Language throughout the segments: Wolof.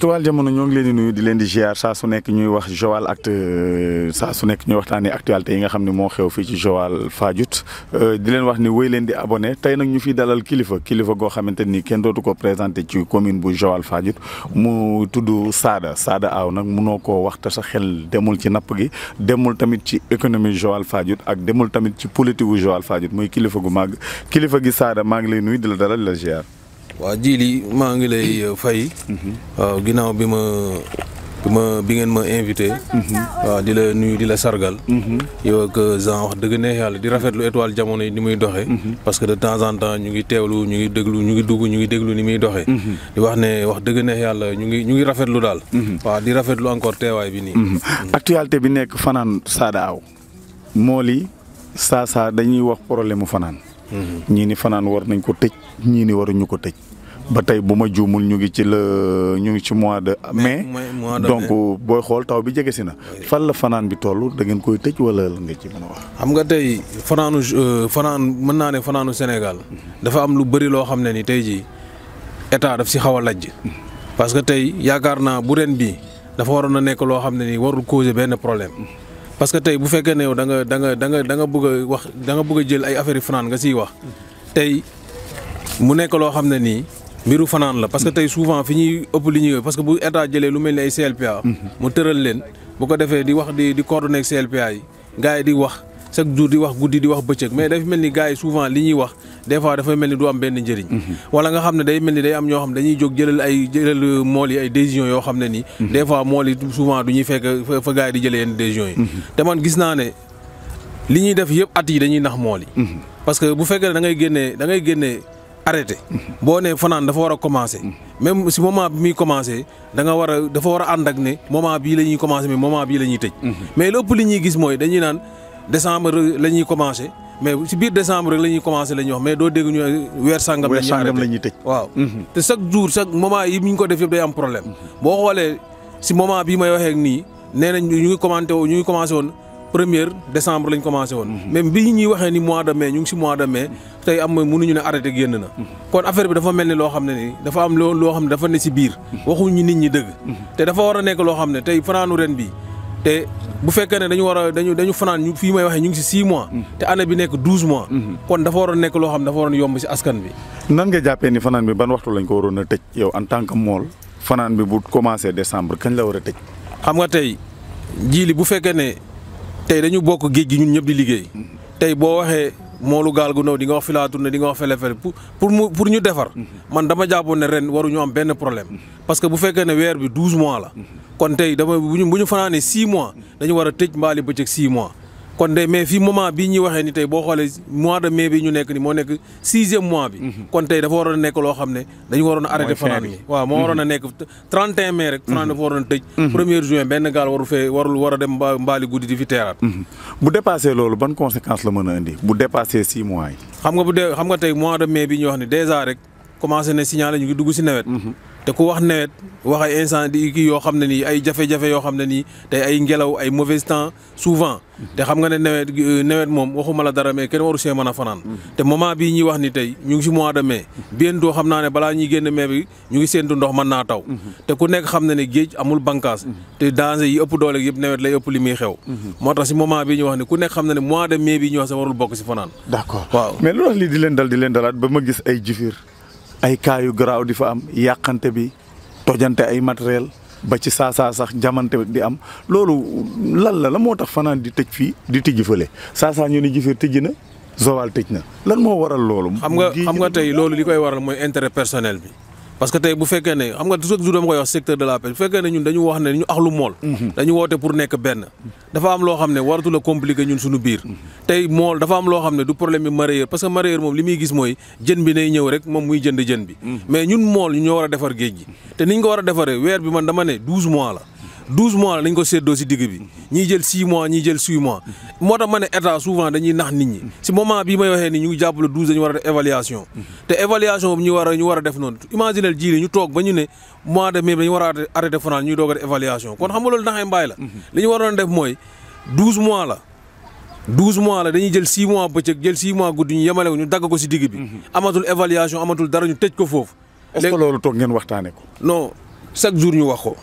étoile jamono ñoo ngi leen di nuyu di leen di ziar saa su nekk ñuy wax Joal act euh, saa su nekk ñuy waxtaanee actualité yi nga xam ne moo xew fi ci Joal Fadiouth euh, di leen wax ni wéy leen di abonné tey nag ñu fi dalal kilifa kilifa goo xamante ni kenn dootu ko présenté ci commune bu Joal Fadiouth mu tudd saada saada Aw nag munoo ko wax te sa xel demul ci napp gi demul tamit ci économie Joal Fadiouth ak demul tamit ci politique gu Joal Fadiouth muy kilifa gu màgg kilifa gi Sada maa ngi lay nuyu di la dalal di waaw ji li maa ngi lay euh, fay. Mhm. waaw ginnaaw bi ma bi ma bi ngeen ma invité. Mhm. waaw di la nuyu di la sargal. Mhm. yow ak euh, Jean wax dëgg neex yàlla di rafetlu étoile jamono yi ni muy doxee. parce que de temps en temps ñu ngi teewlu ñu ngi déglu ñu ngi dugg ñu ngi déglu ni muy doxe di wax ne wax dëgg neex yàlla ñu ngi ñu ngi rafetlu daal. waaw di rafetlu encore teewaay bi nii. actualité bi nekk fanaan Sada Aw. moo li saa saa dañuy wax problème mu fanaan. ñii ni fanaan war nañ ko tëj ñii ni waruñu ko tëj. ba tey jumul ma juumul ñu ngi ci le ñu ngi ci mois de ah, mai donc booy xool taw bi jege sina na fan la fanaan bi toll da ngeen koy tëj wala nga ci mën wax xam nga euh, fanaan mën ne fanaanu sénégal dafa am lu bëri loo xam ne ni tey ji état daf si xaw a lajj parce que tey yaakaar naa bu ren bii dafa waroon a nekk loo xam ne ni warul causer benn problème parce que tey bu fekkee ne da nga da nga da nga da nga bëgg wax da nga bëgg jël ay affaire fanan fanaan nga siy wax tey mu ham loo mbiru fanaan la parce que tay souvent fi ñuy ëpp li ñuy parce que bu état jëlee lu melni ay CLPA. mu tëral leen bu ko défé di wax di di coordonner CLPA yi gars di wax chaque jour di wax goudi di wax bëccëg mais dafa melni gaay souvent li ñuy wax des fois dafa melni du am benn njëriñ. Mhm. wala nga xamné day melni day am ño xamné dañuy jog jëlal ay jëlal mool yi ay décision yo xamné ni mhm. des fois mool yi souvent du fekk fa gaay di jëlee yenn décision yi. Mhm. te man gis na né li ñuy def yëpp at yi dañuy nax mool yi. parce que bu fekkee da ngay génnee da ngay génnee arrêté boo nee fanaan dafa war a commencé même si moment bi muy commencé da war a dafa war a ànd ak ne moment bii la ñuy commencé mais moment bii tëj mais lépp li gis mooy dañuy naan décembre la ñuy commencé si biir décembre rek la ñuy commencé la doo dégg ñu weer sàngam la tëj waaw mhm. te chaque jour chaque moment yi mi ñu ko def yëpp day am problème boo xoolee si moment bii may waxee ak nii nee nañ ñu ngi commenté ñu ngi commencé woon première décembre lañ commencé woon. même bi ñuy waxee ni mois de mai ñu ngi si mois de mai tey am mënuñu ne arrêté génn na. Mhm. kon affaire bi dafa mel ni loo xam ne ni dafa am loo loo xam ne si biir. Mhm. waxuñu nit ñi dëgg. Mhm. te dafa war a nekk loo xam ne tey fanaanu ren bi te bu fekkee ne dañu war a dañu dañu fanaan ñu fii may waxee ñu ngi si six mois. te année bi nekk douze mois. kon dafa war a nekk loo xam ne dafa waroon yomb si askan bi. nan nga jàppee ni fanaan bi ban waxtu lañ ko waroon a tëj yow en tant que mool fanaan bi bu commencé décembre kañ la war a tëj. xam nga tey jiili bu fekkee ne tey dañu bokk géej gi ñun ñëpp di liggéey tey boo waxee moolu gaal gu ndaw di nga wax Fila Touré di nga wax fele fele pour mu pour ñu defar mhm. man dama jàppoon ne ren waruñu am benn problème mhm. parce que bu fekkee ne weer bi douze mois la mhm. kon tey dama bu ñu bu ñu fanaanee six mois dañu war a tëj mbaali bëccëg six mois kon de mais fii moment bi ñu waxee ni tey boo xoolee mois de mai bi ñu nekk ni moo nekk sixième mois bi mhm. kon tey dafa waroon a nekk loo xam ne dañu waroon a arrêté fanaan bi waaw moo waroon a nekk 31 mai rek fanaan mhm. dafa waroon a tëj mhm. premier juin benn gaal waru fee warul war a dem mbaali guddi di fi teeraat bu dépassé loolu ban conséquence la mën a indi bu dépassé six mois yi xam nga bu dee nga tey mois de mai bi ñu wax ni dèjà rek commencé na signaler ñu ngi dugg si nawet te ku wax nawet wax ay incendie kii yoo xam ne nii ay jafe-jafe yoo xam ne nii tey ay ngelaw ay mauvais temps souvent te xam nga ne nawet euh, nawet moom waxuma la dara mais kenn waru see mën a fanaan te moment bii ñuy wax ni tey ñu ngi si mois de mai bientôt xam naa ne balaa ñuy génn mai bi ñu ngi séentu ndox mën naa taw te ku nekk xam na ne géej amul bànqaas te danger yi ëpp doole yëpp nawet lay ëpp li muy xew moo tax si moment bii ñu wax ne ku nekk xam na ne mois de mai bi ñu wax sax warul bokk si fanaan leen dal ay cas yu garaaw di fa am yàqante bi tojante ay matériel ba ci saa saa sax jamante di am loolu lan la la moo tax fanaan di tëj fii di tijji fële saa saa ñu ni jifir tijji na Joal tëj na lan moo waral loolu. xam nga xam nga tey loolu li koy waral mooy intérêt personnel bi. parce que tey bu fekkee ne xam nga chaque jour dama koy wax secteur de la pêche bu fekkee ne ñun dañu wax ne ñu axlu mool mhm. dañu woote pour nekk benn dafa am loo xam ne waratu la compliquer ñun suñu biir mhm. tey mool dafa am loo xam ne du problème bi mareyeur parce que mareyeur moom li muy gis mooy jën bi nay ñëw rek moom muy jënd jën bi mhm. mais ñun mool ñu ñoo war a defar géej gi te niñ ko war a defaree weer bi man dama ne douze mois la douze mois lañ ko séddoo si digg bi ñiy jël six mois ñiy jël six mois moo tax ma ne état souvent dañuy nax nit ñi si moment bii may waxee ni ñu ngi jàppale douze dañu war a def évaluation te évaluation war a war a def noonu imaginel ñu toog ba ñu ne mois de mai dañu war a arrêté fanaan a def évaluation kon xam nga loolu naxee mbaay la li ñu waroon def mooy douze mois la douze mois la dañuy jël six mois bëccëg jël six mois guddi ñu yemale ko ñu dagg ko si digg bi amatul évaluation amatul dara ñu tëj ko foofu est loolu toog ngeen waxtaane ko non chaque jour ñu wax ko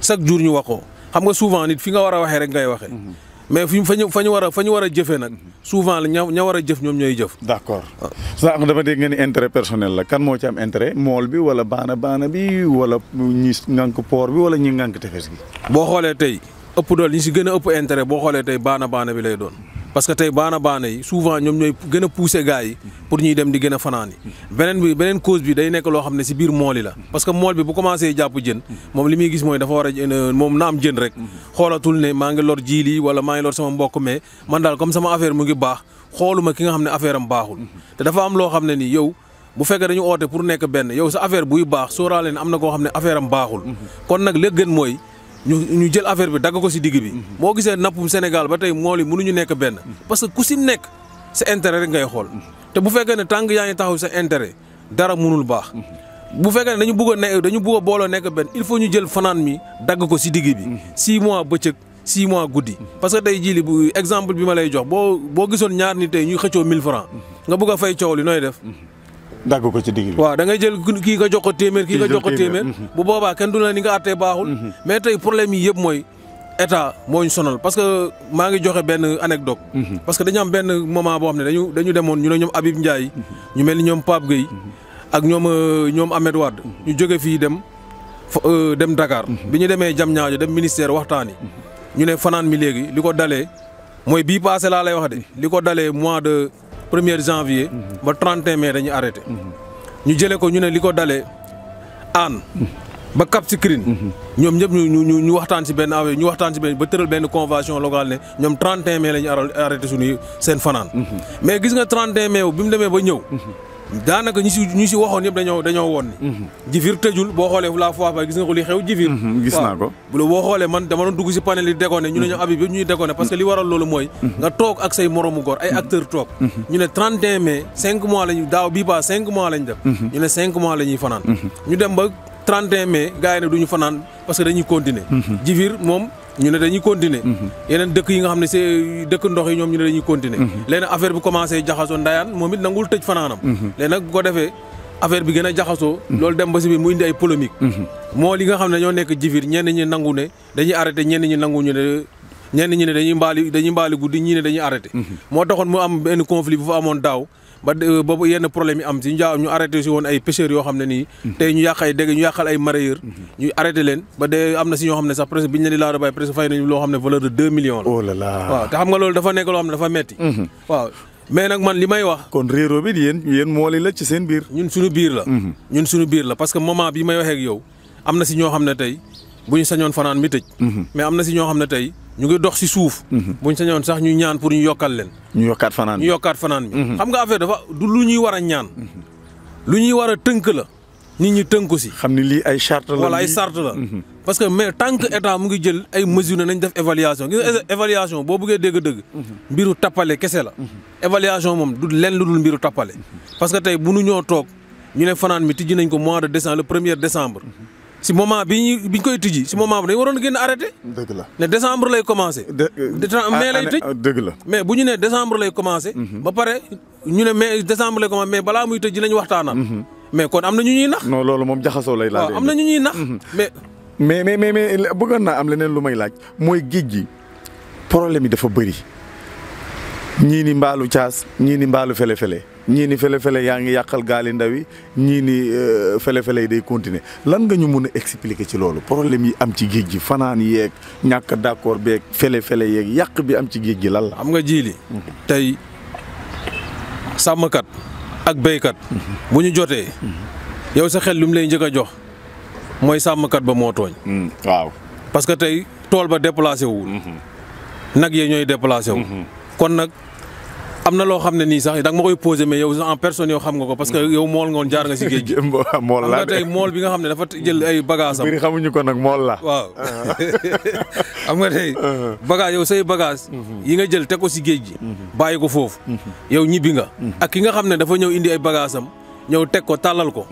chaque jour ñu wax xam nga souvent nit fi nga war a waxee rek ngay waxee. Mhm. mais fi fa ñu fa ñu war a fa war a jëfee nag mhm. souvent la ña war a jëf ñoom ñooy jëf. d' accord ah. sax dama dégg nga ni intérêt personnel la kan moo ci am intérêt mool bi wala baana baana bi wala ñi ngànk port bi wala ñi ngànk tefes gi. boo xoolee tey ëpp dool ñi si gën a ëpp intérêt boo xoolee tey baana baana bi lay doon. parce que tey baana baana yi souvent ñoom ñooy gën a pousser gars yi pour ñuy dem di gën a fanaan beneen bi beneen cause bi day nekk loo xam ne si biir mool yi la parce que mool bi bu commencé jàpp jën moom li muy gis mooy dafa war a euh, moom na am jën rek xoolatul ne maa ngi lor jiili wala maa ngi lor sama mbokk mais man daal comme sama affaire mu ngi baax xooluma ki nga xam ne affaire am baaxul te dafa am loo xam ne ni yow bu fekkee dañu oote pour nekk benn yow sa affaire buy baax sóoraale ne am na koo xam ne affaire am baaxul mm-hmm. kon nag la gën mooy ñu ñu jël affaire bi dagg ko si digg bi. boo gisee nappum Sénégal ba tey mool yi mënuñu nekk benn. parce que ku si nekk sa intérêt rek ngay xool. te bu fekkee ne tàng yaa ngi taxaw sa intérêt dara mënul baax. bu fekkee ne dañu bëgg ne dañu bëgg a booloo nekk benn il faut ñu jël fanaan mi dagg ko si digg bi. 6 mois bëccëg 6 mois guddi. parce que tey jii li bu exemple bi ma lay jox boo boo gisoon ñaar ni tey ñuy xëccoo mille francs nga bëgg a fay coow li nooy def. dagg ko da ngay jël kii nga jox ko téeméer kii nga jox ko téeméer mhm. bu boobaa kenn du ni nga àttee baaxul mhm. mais tey problème yi yëpp mooy état moo sonal parce que maa ngi joxe benn anecdote mhm. parce que dañu am benn moment boo xam ne dañu dañu demoon ñu ne ñoom Habib Ndiaye ñu mel ni ñoom Pape Gueye ak ñoom euh, ñoom Ahmed Wade ñu jóge fii dem euh, dem Dakar bi ñu demee jam ñaajo dem ministère waxtaani ñu ne fanaan mi léegi li ko dalee mooy bii passé laa lay wax de li ko dalee mois de premier janvier. ba 31 mai dañuy arrêté. ñu jëlee ko ñu ne li ko dalee aan ba Cap Skirring. ñoom ñëpp ñu ñu ñu waxtaan si benn awe ñu waxtaan si benn ba tëral benn convention locale ne ñoom 31 mai la ñu arrêté seen fanaan. Mhm. mais gis nga 31 mai bi mu demee ba ñëw. daanaka ñu si ñu si waxoon yëpp dañoo dañoo woon ni mhm. jifir tëjul boo xoolee fu laa fois ba gis nga ko li xew jifir mhm, gis naa ko la boo xoolee man dama doon dugg si panel yi déconné ñu ne ñoom mhm. Habib yëpp ñuy déconné parce que li waral loolu mooy nga toog ak say moromu góor ay acteur toog ñu ne 31 cinq mois lañu daaw bii ba cinq mois lañ def ñu ne cinq mois la fanaan ñu dem ba 31 mai ne duñu fanaan parce que dañuy continuer jifir moom ñu ne dañuy continuer mhm. yeneen dëkk yi nga xam ne c'est dëkk ndox yi ñoom ñu ne dañuy continuer mhm. léegi nag affaire bi commencé jaxasoo ndayaan moom it nangul tëj fanaanam mhm. léegi nag bu ko defee affaire bi gën a jaxasoo loolu dem ba si biir mu indi ay polémique moo li nga xam ne ñoo nekk jifir ñenn ñi nangu ne dañuy arrêté ñenn ñi nangu ñu ne ñenn ñi ne dañuy mbaali dañuy mbaali guddi ñii ne dañuy arrêté moo taxoon mu am benn conflit bu fa amoon daaw ba euh, ba yenn problème yi am si ñu jaa ñu arrêté si woon ay pêcheurs yoo xam ne nii mhm. tey ñu yàq ay dégg ñu yàqal ay marailleurs mhm. ñu arrêté leen ba dee am na si ñoo xam ne sax presque bi ñu leen di laara bay presque fay nañu loo xam ne valeur de deux millions la oh te xam nga loolu dafa nekk loo dafa metti mhm. waaw mais nag man li may wax. kon réeroo bi yéen yéen mooli la ci seen biir. ñun suñu biir la. ñun suñu biir la parce que moment bi may waxee ak yow am na ñoo xam ne tey bu ñu sañoon fanaan mi tëj. Mhm. mais am na si ñoo xam ne tey ñu ngi dox si suuf. Mhm. bu ñu sañoon sax ñu ñaan pour ñu yokkal leen. ñu yokkaat fanaan bi yokkaat fanaan bi. Mhm. xam nga affaire dafa du lu ñuy war a ñaan. lu ñuy war a tënk la. nit ñi tënku si. xam ni lii ay charte la wala ay charte la. parce que mais tant que état mu ngi jël ay mesures nañ def évaluation évaluation boo bëggee dégg-dëgg. mbiru tappale kese la. évaluation moom du lenn lu dul mbiru tappale. parce que tey bu nu ñoo toog ñu ne fanaan mi tijji nañ ko mois de décembre le premier décembre. si moment bi ñu bi ñu koy tijji si moment bi dañu waroon génn arrêté. dëgg la ne décembre lay commencé. mai lay tëj euh, dëgg la. mais bu ñu nee décembre lay commencé. Mhm. ba pare ñu ne mai décembre lay commencé mais balaa muy tëj lañu waxtaanal. Mhm. mais kon am na ñu ñuy nax. non loolu moom jaxasoo lay laaj. waaw am ñuy nax. Mhm. mais mais mais mais bëggoon naa am leneen lu may laaj mooy géej gi problème yi dafa bëri. ñii ni mbaalu caas ñii ni mbaalu fele-fele ñii ni fele-fele yaa ngi yàqal gaali ndaw yi ñii ni euh, fele-fele yi day continuer lan nga ñu mun a expliquer ci loolu problème yi am ci géej gi fanaan yeeg ñàkk d'accord beeg fele-fele yeeg yàq bi am ci géej gi lan la. xam nga jiili li tey sàmmkat ak béykat. bu ñu jotee. yow sa xel lum lay njëkk a jox mooy sàmmkat ba moo tooñ. Mm, waaw parce que tey tool ba déplacé wul. Mm-hmm. nag yee ñooy déplacé wu. Mm-hmm. kon nag. am na loo xam ne nii sax da nga ma koy posé mais yow en personne yow xam nga ko parce que yow mool ngoon jaar nga si géej mool la tey mool bi nga xam ne dafa jël ay bagages am. mbir xamuñu ko nag mool la. waaw xam nga tey. Uh-huh. yow say bagage uh-huh. yi nga jël teg ko si géej gi. Uh-huh. bàyyi ko foofu. yow ñibbi nga. ak ki nga xam ne dafa ñëw indi ay bagages am. ñëw teg ko tàllal ko.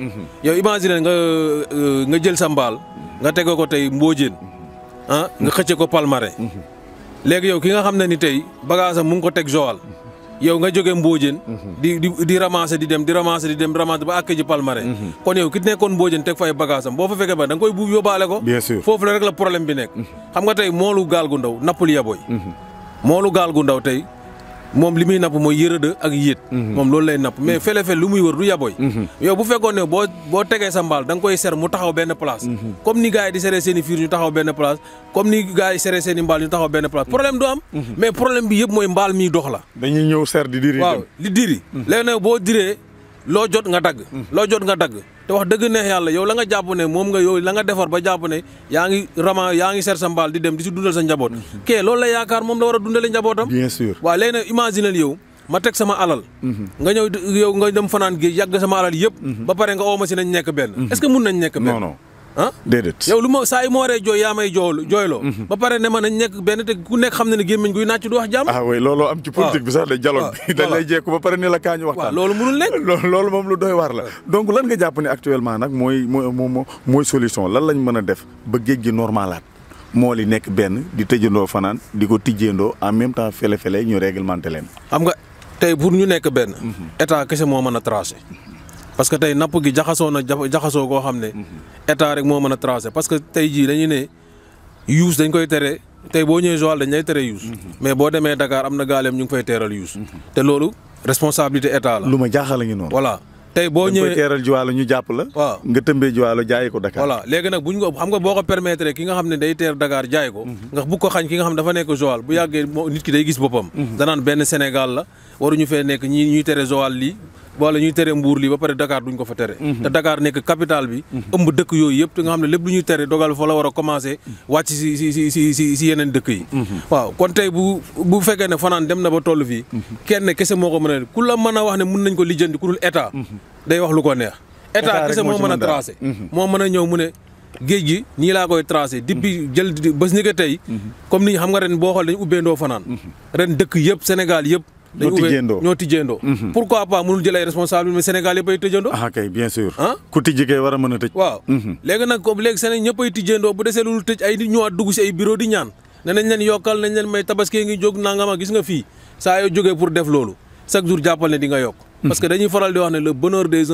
yow imagine nga euh, nga jël sa nga teg ko tey mboojeen. ah nga xëcce ko palmarin. léegi yow ki nga xam ne ni tey bagage am mu ngi ko teg Joal. yow nga jóge Mbóojeen mhm. di di di ramasser di dem di ramasser di dem ramasser ba àkk ji mhm. kon yow ki nekkoon Mbóojeen teg fay bagage boo fa fekkee ba da nga koy buub yóbbaale ko bien sûr foofu la rek la problème bi nekk mhm. xam nga tey moolu gaal gu ndaw nappul yaboy moolu gaal gu ndaw tey moom li muy napp mooy yërëdë ak yéet mhm. moom loolu lay napp mais mhm. fele-fel lu muy wër du yaboy mhm. yow bu fekkoon ne boo boo tegee sa mbaal da koy ser mu taxaw benn place comme ni gars yi seree seen i ñu taxaw benn place comme ni gars yi seree seen i mbaal ñu taxaw benn place problème du am mais problème bi yëpp mooy mbaal miy dox la dañuy ñëw ser di diri waaw di diri léegi boo diree loo jot nga dagg loo jot nga dagg te wax dëgg neex yàlla yow la nga jàpp ne moom nga yow la nga defar ba jàpp ne yaa ngi rama yaa ngi seet sa mbaal di dem di si dundal sa njaboot mhm. kee lool la yaakaar moom la war a dundale njabootam bien sûr waaw léegi nag imaginel yow ma teg sama alal mhm. nga ñëw yow nga dem fanaan géej yàgg sama alal yëpp mhm. ba pare nga ooma si nañ nekk benn est-ce que mun nañ nekk benn ah déedéet yow lu ma saa yi ma waree jooy yaa may jooylu jooyloo mhm. ba pare ne ma nañ nekk benn te ku nekk xam ne ne gémmiñ guy nàcc du wax jàmm ah oui looloo am ci politique bi sax de dialogue bi jekku ba pare ni la kaa ñu waxtaan loolu mënul nekk loolu moom lu doy waar la donc lan nga jàpp ne actuellement nag mooy mooy mooy solution lan lañ mën a def ba géej gi normalaat moo li nekk benn di tëjandoo fanaan di ko tijjeendoo en même temps fele-fele ñu réglementé leen xam nga tey pour ñu nekk benn mhm. état kese moo mën a tracé parce que tey napp gi jaxasoo na jaxasoo koo xam ne état rek moo mën a tracé parce que tey jii dañu ne yuus dañ koy tere tey boo ñëwee Joal dañ lay tere yuus mais boo demee Dakar am na gaaleem ñu ngi fay teeral yuus te loolu responsabilité état la lu ma jaaxal ngi noonu voilà tey boo ñëwee teeral Joal ñu jàpp la waaw nga tëmbee Joal jaayi ko Dakar voilà léegi nag buñ ko xam nga boo ko permettre ki nga xam ne day teer Dakar jaay ko nga bu ko xañ ki nga xam ne dafa nekk Joal bu yàggee nit ki day gis boppam danaan benn Sénégal la waruñu fee nekk ñi ñuy tere Joal lii wala ñuy téré mbour li ba paré Dakar duñ ko fa téré té Dakar nek capital bi ëmb dëkk yoy yëpp nga xamné ne lépp lu ñuy dogal fa la wara commencé wacc ci ci ci ci si si yeneen dëkk yi waaw kon tay bu bu fekkee né fanan dem na ba tollu fi kenn kessé moko mëna ku la mëna wax né mën nañ ko lijjanti ku dul état day wax lu ko neex état kessé mo mëna tracé mo mëna ñëw mu ne géej gi ni la koy tracé depuis jël bés ni ko tay comme ni xam nga ren bo xol dañ ubbé ndo fanan ren dëkk yëpp Sénégal yëpp dañoo tijjeendoo ñoo tijjeendoo pourquoi pas mënul jël ay responsable mais Sénégal yëpp ay tëjandoo ah, kay bien sûr ku tijji kay war a mën a tëj waaw mhm. léegi nag comme léegi Sénégal ñëpp ay tijjeendoo bu desee loolu tëj ay nit ñëwaat dugg si ay bureau di ñaan ne nañ leen yokkal nañ leen may tabaski ngi jóg nangama gis nga fii saa yoo jógee pour def loolu chaque jour jàppal ne di nga yokk mhm. parce que dañuy faral di wax ne le bonheur des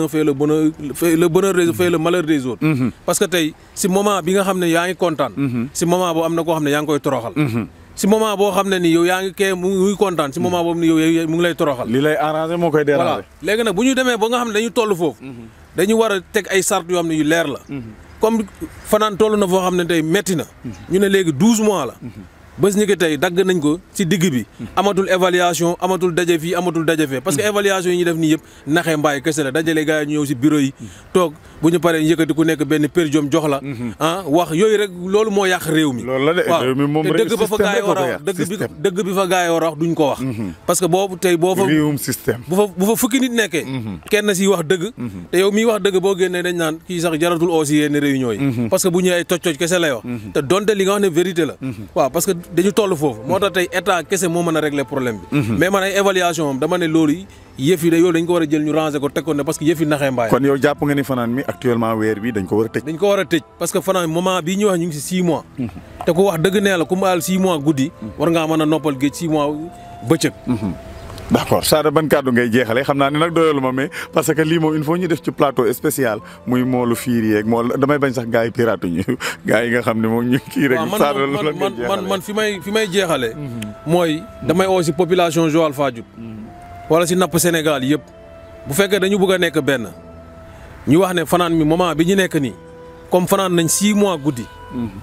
autres mhm. parce que tey si moment bi nga ne yaa ngi kontaan si moment bu am na koo xam ne yaa ngi si moment boo xam ne ni yow yaa ngi kee mu ngi kontaan si moment boobu ni yow mu ngi lay toroxal. li lay arrangé moo koy déranger. voilà léegi nag bu ñu demee ba nga xam ne dañu toll foofu. Mhm. dañu war a teg ay sart yoo xam yu leer la. Mhm. comme fanaan toll na foo xam ne tey metti na. Mhm. ñu ne léegi douze mois la. bés ñi ki tey dagg nañ ko ci digg bi amatul évaluation amatul daje fii amatul daje fee parce que évaluation yi ñu def nii yëpp naxee mbaay kese la dajale gars yi ñu ñëw si bureau yi toog bu ku nekk benn pér jom jox la ah wax yooyu moo yàq réew mi waaw te dëgg ba fa gars yi war a wax dëgg bi parce que boobu tey boo fa fukki nit nekkee mhm. kenn si wax dëgg mhm. te yow miy wax dëgg boo génnee dañ naan kii sax jaratul aussi yenn réunion yi mhm. parce que bu ñëwee toj toj kese lay wax te donte li nga wax ne vérité la dañu toll foofu. moo tax tey état kese moo mën a régler problème bi. Mhm. mais man ay évaluation am dama loolu yëf dañ ko war a jël ñu ranger ko teg ko ne parce que yëf naxee mbaay. kon yow jàpp nga ni fanaan mi actuellement weer bi dañ ko war a tëj. parce que fanaan moment bii wax ñu ngi si 6 mois. Mhm. te ku wax dëgg nee la ku mu aal mois guddi. Mhm. war ngaa mën a noppal géej 6 mois bëccëg. d' accord Sada ban kàddu ngay jeexale xam naa ne nag doyalu ma mais parce que lii moom il faut ñu def ci plateau spécial muy moolu fiir yeeg mool damay bañ sax gars yi pirate nga xam ne moom ñu kii rek. Sada la man may fi may jeexale mhm. mooy damay oo si population Joal Fadiouth. Mhm. wala si napp Sénégal yëpp. bu fekkee dañu bëgg a nekk benn ñu wax ne fanaan mi moment bi ñu nekk nii comme fanaan nañ six mois guddi.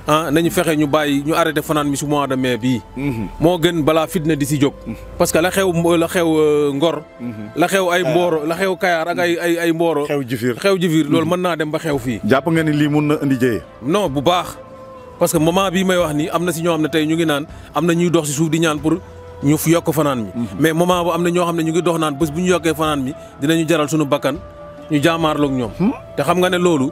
ah nañu fexe ñu bàyyi ñu arrêté fanaan mi su mois de mai bii. Mhm. moo gën balaa fitna di si mhm. parce que la xew la xew euh, Ngor. Mhm. la xew ay ah. Mboro la xew Kayar ak ay ay ay Mboro. xew Jifir xew Jifir loolu mën naa dem ba xew fii. jàpp nga ni lii mun na indi jëye. non bu baax parce que moment bi may wax nii am na si ñoo amna tay nyu ñu ngi naan am na ñuy dox si suuf di ñaan pour. ñu mi mais moment bu am na ñoo xam ne ñu ngi dox naan bés bu ñu yokkee fanaan mi dinañu jaral suñu bakkan ñu jaamaarloog ñoom hmm? te xam nga ne loolu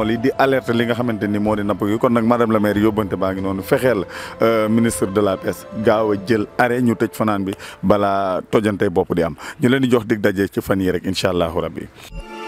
mool yi di alerte li nga xamante ni moo di napp gi kon nag madame la maire yóbbante baa ngi noonu fexeel euh, ministre de la pêche gaaw a jël arrêt ñu tëj fanaan bi balaa tojante bopp di am ñu leen di jox dig daje ci fan yi rek incha allahu rabbi